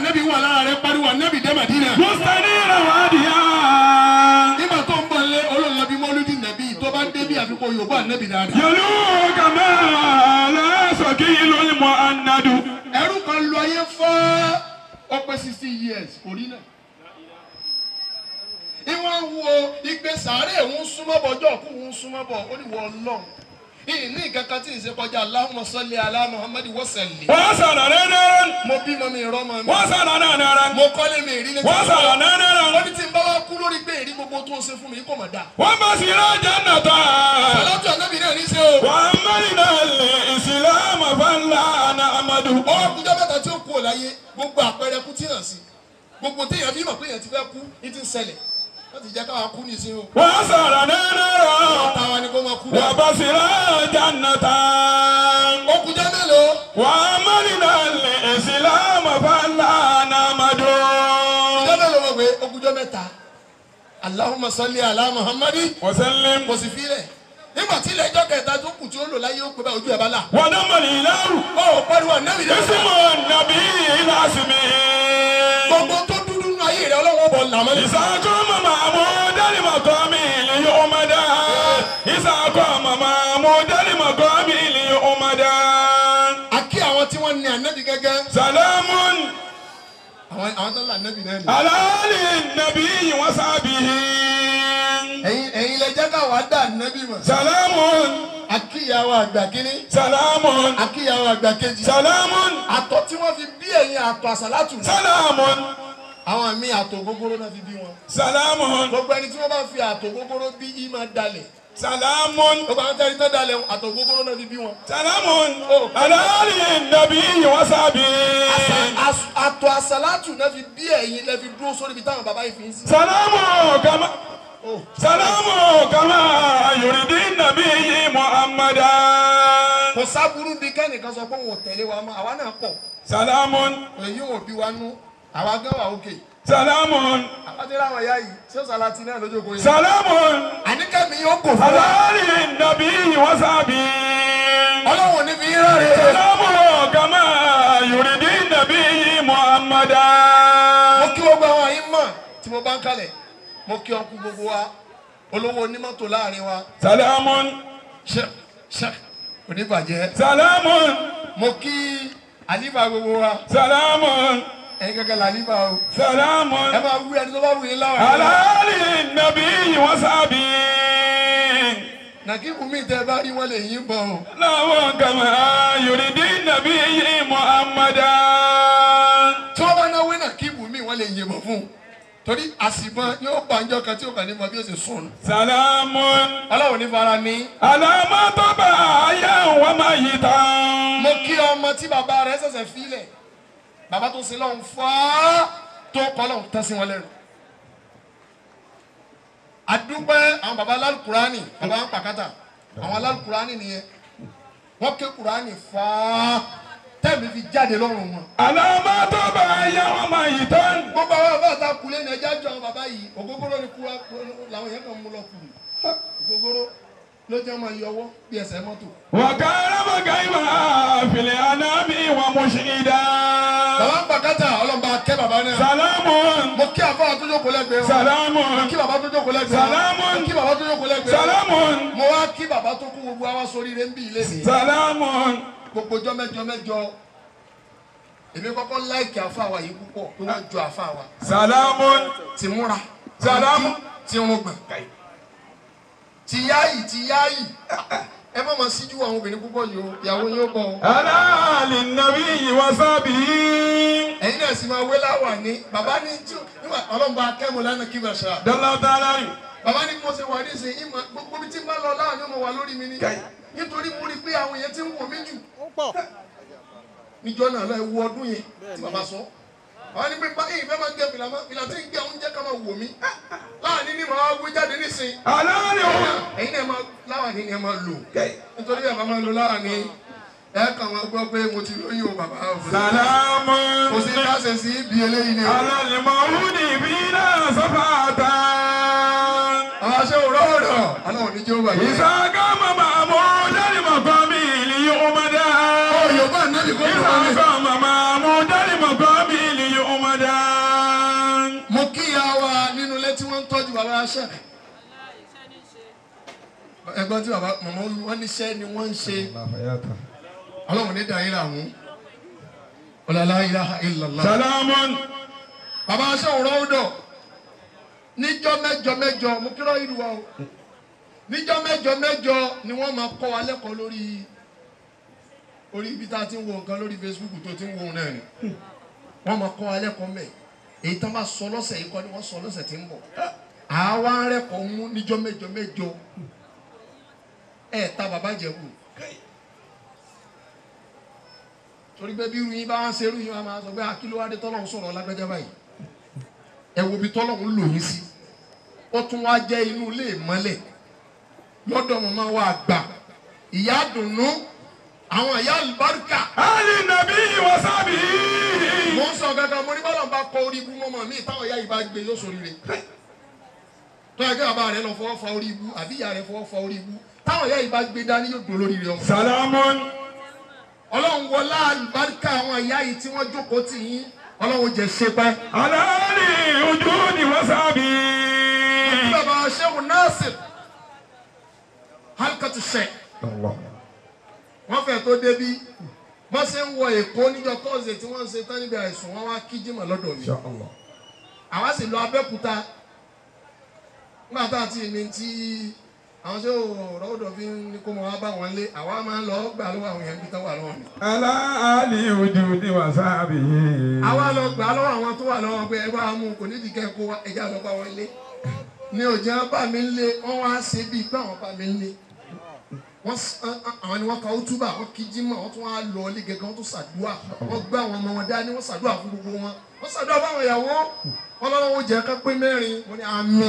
ànábì wà lára rẹ pariwo ànábì dé Madina. mùsàlì rẹ̀ wá di yá. nígbà tó ń bọ̀ lé olóòlò bíi mọ́lúdì nàbí tó bá dé àfikún yòókù ànábì dáadáa. yẹlú kàmá lẹ́sọ̀kì lórí mọ́ anadu. ẹrú kan lọ ayé fọ́ ọpẹ́ sixty years kò rí náà ìwọ̀n wo ìgbésàárẹ̀ ń súnmọ́bọ̀ ọjọ́ òkú ń súnmọ́bọ̀ ó ní wọ́n lọ́hùn ìní kankan tí ń ṣe kọjá Allahumma salli ala Muhammad wa sallim. wọ́n sọ̀rọ̀ nẹ́nẹ́rẹ́. mo bímọ mi rọ́mọ mi. wọ́n sọ̀rọ̀ nẹ́nẹ́rẹ́. mo kọ́lé mi èrí létí. wọ́n sọ̀rọ̀ nẹ́nẹ́rẹ́. wọ́n ní tí ń bá wa kú lórí pé èrí gbogbo tó ń ṣe fún mi kò mọ̀ dá. wọ́n bá sì rán jẹ́nà tó. sọlọ́tù ànábì ní ṣe o. wọ́n mẹ́rinà lè ìsìlámù amadu. ọkùnjọ́ mẹ́ta tí ó kú ò láyé gbogbo àpẹẹrẹ kú tí yàn sí gbogbo tí yàn fi mọ̀ pé wọ́n ti jẹ́ káwa kú wa ni wa. wọ́n nígbà tí ilẹ̀ ẹjọ́ kẹta tó kù tí ó lò láyé ó pe bá ojú ẹ̀ bá là. wọn náà mọ̀ ìlàrú. ọ pariwo ànábì dé. ìsìnkú nàbí ìlà gbogbo tó dúdú nínú ayé rẹ ọlọ́wọ́ bọ̀ làmọ́lẹ̀. ìsáájú ọmọ bílí ọmọdé. a kí àwọn tí wọ́n ní ànábì gẹ́gẹ́. salamun. àwọn àwọn tó ń la ànábì náà ni. aláàlì nàbí wọn sábì. ẹ̀yin ẹ̀yin lè jẹ́ ká wàá dá ànábì mọ̀. salamun. a kí ìyàwó àgbà kínní. salamun. a kí ìyàwó àgbà kejì. salamun. àtọ̀ tí wọ́n fi bí ẹ̀yin àtọ̀ àsálàtù. salamun àwọn mi àtò gógóró náà fi bí wọn. salamun. gbogbo ẹni tí wọ́n bá fi àtò gógóró bí yìí dalẹ̀. Salamun. Ó bá tẹ́lẹ̀ tẹ́ dalẹ̀ àtọ̀gbógbóró náà fi bí wọn. Salamun. Àlàárí nàbí ìwọ́n Ato Àtọ̀ àsálàtù náà fi bí ẹ̀yin náà fi dúró sórí ibi táwọn bàbá yìí kama. Salamu kama yorùdí nàbí yìí Muhammadu. Kò sábúrú bí kẹ́nìkan sọ pé wò tẹ̀lé wa mọ́, àwa náà pọ̀. Salamun. Èyí ò bí wa nú, àwa gan wà ókè. Okay salamun. àkọsílẹ̀ àwọn ìyá yìí ṣé sàlátì náà lójókòó yẹn. salamun. àníkẹ́mi yóò kò fún wa. aláàlì nàbí wasabi. ọlọ́run ní fi ń rẹ̀. salamun kama yorùdí nàbí muhammada. mo kí gbogbo àwọn yìí mọ̀ tí mo bá ń kalẹ̀ mo kí ọkú gbogbo wa olówó onímọ́tò láàrin wa. salamun. ṣe ṣe oníbàjẹ́. salamun. mo kí àlífà gbogbo wa. salamun ẹ̀yin kankan làlífà o. sàlámù. ẹ máa wú ẹni tó bá wù yín láwọn. aláàlì nàbí ìwọ sábì. nàkí bùnmí tẹ bá rí wọn lè yín bọ o. láwọn kàmá yorùdí nàbí yìí muhammadu. tí wọ́n bá náwó nàkí bùnmí wọ́n lè yìnbọn fún un torí àsìbọn yóò gbàǹjọ kan tí ó kàn ní mọ bí sùn. sàlámù. aláwo ní fara ní. àlámọ́ tó bá ayé àwọn ọmọ yìí tán. mo kí ọmọ tí bàbá rẹ̀ ṣẹ̀ṣẹ̀ fílẹ̀. Baba tó sin lọ́hùn fọ́ tó kọ́ lọ́hùn tán sí wọn lẹ́nu. àdúpẹ́ àwọn bàbá lálùkùránì bàbá ń pàkátà àwọn lálùkùránì nìyẹn wọ́n ké kùránì fọ́ tẹ́mi fi jáde lọ́rùn wọn. àlọ́mọ tó bá yá ọmọ yìí tó ń. gbogbo àwọn bàbá ta kulé ní ẹja jọ àwọn bàbá yìí ògógóró ni kúra làwọn yẹn kàn mú lọ kù ògógóró ló jẹ́ máa yọwọ́ bí ẹsẹ̀ mọ́tò. wàkàrà màgáìmà fìlẹ̀ anábì wà mùsùlùmí. bàbá gbàgàtà ọlọ́mọba kẹ́ bàbá náà. sàlámù. mo kí àfa àtúnjọ kò lẹ́gbẹ̀ẹ́ wọn. sàlámù. mo kí bàbá àtúnjọ kò lẹ́gbẹ̀ẹ́ wọn. sàlámù. mo kí bàbá àtúnjọ kò lẹ́gbẹ̀ẹ́ wọn. sàlámù. mo wá kí bàbá tó kú gbogbo àwa sórí rẹ̀ ń bí ilé mi. sàlámù. gbogbo jọmẹjọ mẹjọ èmi kọ́kọ́ láìkì àfa wa yìí púpọ̀ tó wọ́n jọ àfa wa. sàlámù. ti múra. sàlámù. ti rúgbìn tìyáyì tìyáyì ẹ má ma síjú àwọn obìnrin púpọ̀ yìí o ìyàwó yóò bọ̀. aláàlì nàbí ìwà sábì. ẹ̀yin náà sì máa wé láwà ní bàbá ní tí ọlọ́mọba akẹ́mu lánàá kí bàṣà. dọ́là tààrà rẹ̀. bàbá ní mo ṣe wà ní ìsìn ìmọ̀ gbogbo bí tí n bá lọ láàánú mo wà lórí mi ni nítorí mo rí i pé àwọn èèyàn ti ń wò mí jù. níjọ́ náà lọ ẹ wo ọdún yẹn tí bàbá sọ àwọn ẹni pé báyìí fẹ́ máa ń jẹ fìlàmọ́ fìlà tí ń jẹ oúnjẹ ká máa wò mí láàánú ni màá wí jáde nísìn. aláàánú o. ẹ̀yin náà máa láwàní ni ẹ máa lò nítorí ẹ̀ máa lò láwàní ẹ kàn wá gbọ́ pé mo ti lóyún o bàbá o. sàlámù kò sí káṣẹ sí ibi eléyìí ni. alálìmọ̀ òun ni ìbí náà sọ́fà ta. àwọn aṣọ òró ọ̀rọ̀ aláwọ̀ oníjó bàbá. ìsàkámọ̀ màmú lẹ́rìmọ̀ kan mi ìlú ṣe ẹ̀gbọ́n tí bàbá màmá wọn níṣẹ́ ni wọ́n ń ṣe ọlọ́run ní dàrí rà mú ọ̀làlá ilaha illallah. salamun. bàbá aṣọ òrò ọdọ níjọ́ mẹ́jọ mẹ́jọ mo kírọ ìlú wa o níjọ́ mẹ́jọ mẹ́jọ ni wọ́n máa kọ́ wa lẹ́kọ̀ọ́ lórí orí ibi tá a ti ń wo nǹkan lórí Facebook tó ti ń wo náà ni wọ́n máa kọ́ wa lẹ́kọ̀ọ́ mẹ èyí tán bá sọ lọ́sẹ̀ yìí kọ́ ni wọ́n sọ lọ́sẹ̀ tí ń bọ̀ àwa rẹ́kọ̀ọ́ mú níjọ́ mẹ́jọ mẹ́jọ ẹ̀ ta bàbá jẹ̀bù torí pé bí ruyin bá ń ṣe ruyin wa máa sọ pé akílówádé tọ́lọ́hún sọ̀rọ̀ lágbájá báyìí ẹ wo bí tọ́lọ́hún lò yín sí ó tún wá jẹ́ inú ilé ìmọ́lẹ̀ lọ́dọ̀ màmá wa àgbà ìyá dùnú àwọn ìyá àlùbáríkà. ali nabi wasabi. mo ń sọ gàgà mo ní bọ́lọ̀ ń bá kọ orí ibú mọ́mọ́ mi táwọn ìyá yìí bá gbé yóò sọ rire tó yẹ kí bàbá rẹ lọ fọwọ́ fa orí ibú àbí ìyá rẹ fọwọ́ fa orí ibú táwọn ìyá yìí bá gbé dání yóò dúró lórí rẹ. salamun. ọlọ́run wọlá àlùbáríkà àwọn ìyá yìí tí wọ́n jókòó tì yín ọlọ́run jẹ ṣe pẹ́. aláàlì ojú ni wọ́n sábì. àti bàbá sẹ́wọ̀n Nasir halkatu sẹ́. wọ́n fẹ́ tó débi bọ́n ṣe ń wọ èkó níjọ tọ́sídẹ̀ẹ́ tí wọ́n ń ṣe tán níbi àìsùn wọn wá kí jimá lọ́dọ̀ mi. àwa sì lọ Abẹ́òkúta nígbà tá àti ìní tí àwọn ṣé òòrọ̀ òdò fi ń kó mọ wá bá wọn lé àwa máa ń lọ gbà lọ́wọ́ àwọn yẹn bí tán wà lọ́wọ́ mi. aláàlì ojú ni wàsáàbì. àwa lọ gbà lọ́wọ́ àwọn tó wà lọ́wọ́ pé ẹ bá kò nídìí kẹ́ kó ẹja lọ bá wọn lé ni òjò bá mi lé wọn wá ṣe bíi pé àwọn bá mi lé wọn àwọn ni wọn ka ó túbà wọn kí jímọ̀ wọn tún wá lọ ilé gẹ́gẹ́ wọn tún ṣàdúrà wọn gbé àwọn ọmọ wọn dání wọn ṣàdúrà fún gbogbo wọn wọn ṣàdúrà fáwọn ìyàwó wọn lọ́wọ́ wọn jẹ́ ká pé mẹ́rin wọn ni àmì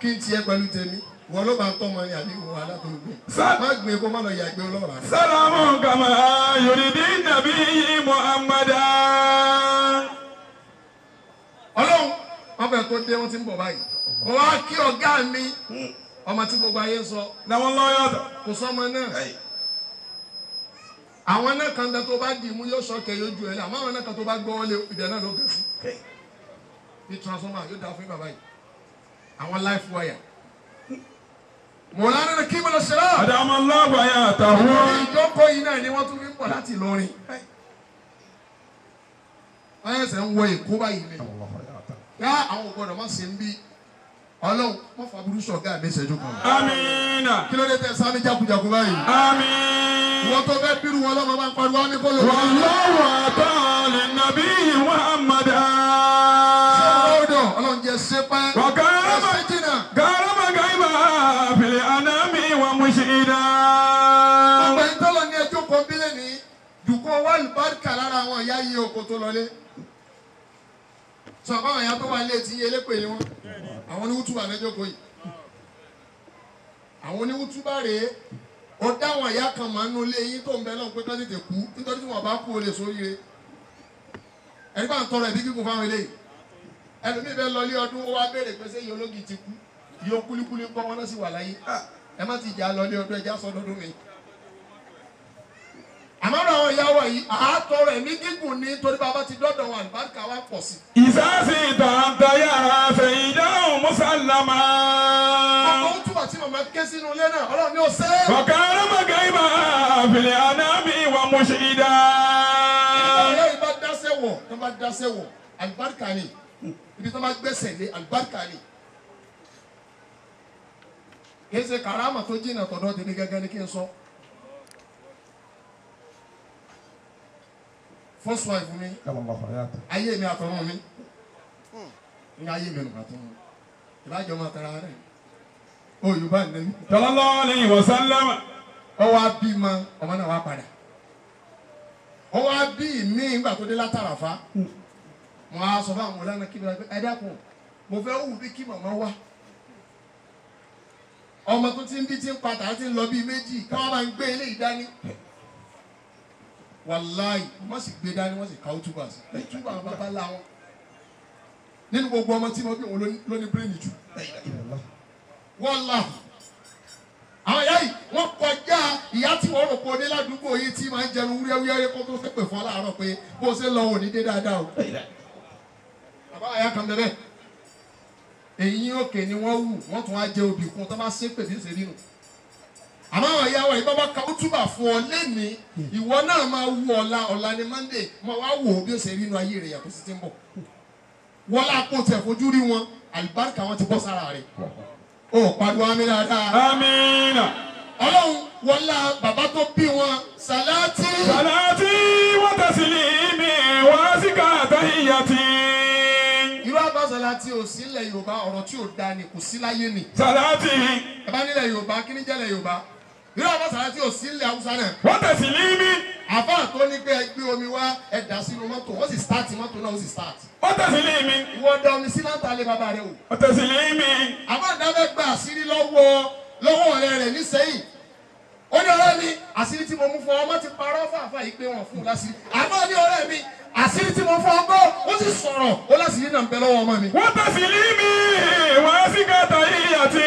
kí n tiẹ̀ pẹ̀lú tèmi wọ́n ló bá ń tọ́mọ ní àdéhùn wa má gbé kó má lọ yàgbé ọlọ́ra. sálámù kàmá yorùbá nàbí muhammadu. ọlọ́run wọ́n tó dé wọ́n ti ń bọ̀ báyìí. kò wá ọ̀gá mi ọmọ tí gbogbo ayé sọ. làwọn lọ́yọ̀ dà. kò sọ́mọ náà. àwọn náà tó bá dì mú yóò yóò ju àwọn náà kan àwọn life wire. mọ̀lánà ní kíkọ́ lọ ṣẹlá. àdàmọ́ life wire àtàwọn. àwọn ìjókòó yìí náà ni wọ́n tún fi ń pọ̀ láti Ìlọrin. wọ́n yẹ sẹ́ ń wọ Èkó báyìí ni. yá àwọn ògbọ́dọ̀ má ṣe ń bí ọlọ́run wọ́n fa burú mi ṣẹ́jú kan. amiina. kí ló dé tẹ sami jagunjagun báyìí. amiina. wọ́n tó fẹ́ bírú wọn lọ́mọ bá ń pariwo amikolo. wàlúwà tó lọlé sọ àbáwọn ìyá tó wà nílé tí elépè ni wọn àwọn oníwútúbà lẹ́jọ́kọ̀ yìí àwọn oníwútúbà rèé ó dáwọn ìyá kan máa ń nu ilé yín tó ń bẹ náà pé kán tètè kú nítorí tí wọn bá kú o lè sóríire ẹni bá ń tọrọ ẹbí kíkún fáwọn eléyìí ẹlòmíì bẹ lọlé ọdún ó wá béèrè pé sẹ́yìn ológì ti kú yóò kúlíkúlí ń wọn náà sì wà láyé ẹ má ti jà lọlé ọdún ẹja sọdọọdún mi àmọ́ra àwọn ìyá wa yìí àátọ́ rẹ̀ ní gígùn ní torí bàbá ti dọ́dọ̀ wọn àlùbáríkà wa pọ̀ sí. ìsáàsì ìtàǹtàyà fẹ̀yìndàhùn mùsàlámà. ọkọ òtúbà tí màmá ké sínú ilé náà ọlọ́run ni ó ṣe. ọ̀kà arámọ̀gá ibà àfìlẹ̀ anábì wà mú ṣe ìdá. ìbáyọ̀ ìbá dáṣẹ́ wọ̀ tó bá dáṣẹ́ wọ̀ àlùbáríkà ni ibi tó bá gbẹ́sẹ̀ lé àlùbáríkà ni. kì í ṣe kàrámà tó jìnnà tọ̀dọ̀ tèmi gẹ́gẹ́ ni kí n sọ. So. first wife mi ayé mi àtọ̀run mi n ka ayé mi nù àtọ̀run ìbájọ́ máa tara rẹ̀ o yorùbá nẹ́bí. sallallahu alaihi wasallam. ó wá bí ma ọmọ náà wá padà ó wá bí mi ìgbà tó dé látàràfá hmm. mo á sọ fún àwọn ọlọ́nà kí mi lọ ẹ dákun mo fẹ́ wù bí kí màmá wá ọmọ tó ti ń bí ti ń padà ti ń lọ bí méjì káwọn máa ń gbé eléyìí dání wàláì wọ́n sì gbé dání wọ́n sì ka túbà sí túbà àwọn bàbá ńlá wọn nínú gbogbo ọmọ tí mo bí òun ló ní bírèènì jù wọ́lá àwọn ìyá yìí wọ́n kọjá ìyá tí wọ́n rò pé oní ládùúgbò yìí tí máa ń jẹun wúyẹ́wúyẹ́ kó tó fẹ́ pè fún aláàárọ̀ pé bó ṣe ń lọ òní dé dáadáa o bàbá àyà kan bẹ́ẹ̀ èyí òkè ni wọ́n wù wọ́n tún á jẹ obì kún tó bá ṣépè bí ń ṣe rí nù àmọ́ àwọn ìyá wa ìbá bá ka ó túbà fún ọ lẹ́ni hmm. ìwọ náà máa wú ọ̀la ọ̀la ni Monday máa wá wò ó bí ó ṣe rí inú ayé rẹ̀ yàtọ̀ sí ti ń bọ̀ wọ́n lápò tẹ̀ fojú rí wọn àlùbáríkà wọn ti bọ́ sára rẹ̀ ó pariwo àmín dáadáa. àmín. ọlọ́run wọ́n la bàbá tó bí wọn sàlátì. sàlátì wọ́n tẹ̀sí ní mi wọ́n á sì ká àtàhíyàtì salati o sí ilẹ̀ yorùbá ọ̀rọ̀ tí o da ni kò sí láyé ni. salati. ẹ bá nílẹ̀ yorùbá kí ni jẹ́ ilẹ̀ yorùbá ní ọlọ́sàrá tí ò sí ilẹ̀ haúsá náà. wọ́n tẹ̀sí ní mí. àbá tó ní pé ẹ gbé omi wá ẹ sínú mọ́tò wọ́n sì start mọ́tò náà wọ́n sì start. wọ́n tẹ̀sí ní mí. wọ́n da omi sí láǹtà lé bàbá rẹ o. wọ́n tẹ̀sí ní mí. àbá ìdáfẹ́ gba àṣírí lọ́wọ́ lọ́wọ́ ọ̀rẹ́ rẹ̀ ní sẹ́yìn. ó ní ọ̀rẹ́ mi àṣírí tí mo mú fún ọmọ ti parọ́ fàáfà yìí pé wọ́n fún mi àṣírí tí mo fọ ọgbọ́ ó sì sọ̀rọ̀ ó láṣìírí náà ń bẹ lọ́wọ́ ọmọ mi. wọ́n tẹ̀sí ní mi wọ́n sì gbàtà yìí àti.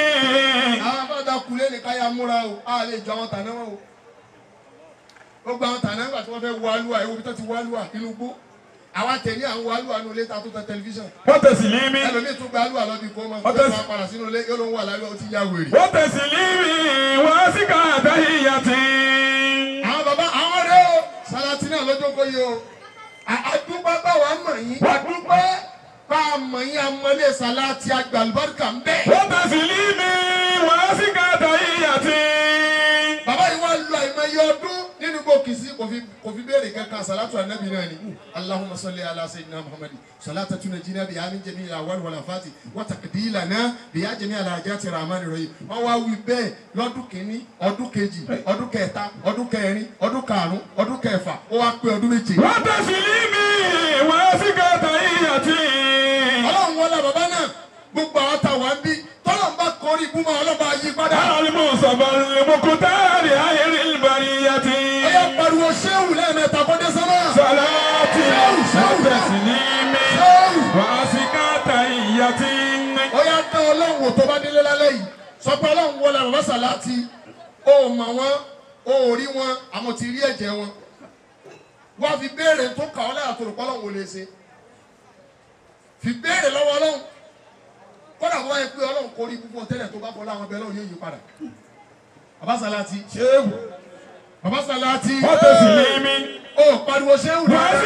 àwọn dákú lé ní káyà múra o a lè jọ àwọn tàná wọn o gbogbo àwọn tàná nígbà tí wọ́n fẹ́ wọ alúwa ewu bí tó ti wọ alúwa inú gbó àwa tẹ̀lé àwọn alúwa nínú ilé ta tó tẹ tẹlifíṣàn. wọ́n tẹ̀sí lé mi. ẹlòmíì tún gba alúwa lọ́bi kó ma fún wa padà sínú ilé yóò ló ń wà lálẹ́ o ti ya wèrè. wọ́n tẹ̀sí lé mi wọ́n sì ká àtàyè yàtì. àwọn bàbá àwọn rẹ o Salatina lọ́jọ́ kó yẹ o àdúpẹ́ báwa mọ̀ yín àdúpẹ́ bá a mọ̀ yín amọ̀lé Salati àgbàlùbáríkà ń bẹ̀. wọ́n tẹ̀sí lé mi wọ́n sì ká gòkì sí kò fi béèrè kankan salatu anabi náà ni allahumma salli ala sayyidina muhammadi salata tuna jina bi amin jami wal wala fati wata kadila na bi ya jami ala ajá ti rahim wọn wá wí bẹ́ẹ̀ lọ́dún kìíní ọdún kejì ọdún kẹta ọdún kẹrin ọdún karùn-ún ọdún kẹfà ó wá pé ọdún méje. wọ́n tẹ̀sí ní. tó bá délé lálẹ́ yìí sọ pé ọlọ́run wọlé bàbá sàláàtì o mọ̀ wọn o rí wọn àmọ́ ti rí ẹ̀jẹ̀ wọn wá fi béèrè tó kà ọ́ láyà tó rò pọ́lọ́run wò lè ṣe fi béèrè lọ́wọ́ ọlọ́run kódà wọ́n yẹ pé ọlọ́run kò rí púpọ̀ tẹ́lẹ̀ tó bá kọ́ láwọn ọbẹ̀ lọ́run yóò yí padà bàbá sàláàtì ṣéwù bàbá sàláàtì ó pariwo ṣéwù dáadáa.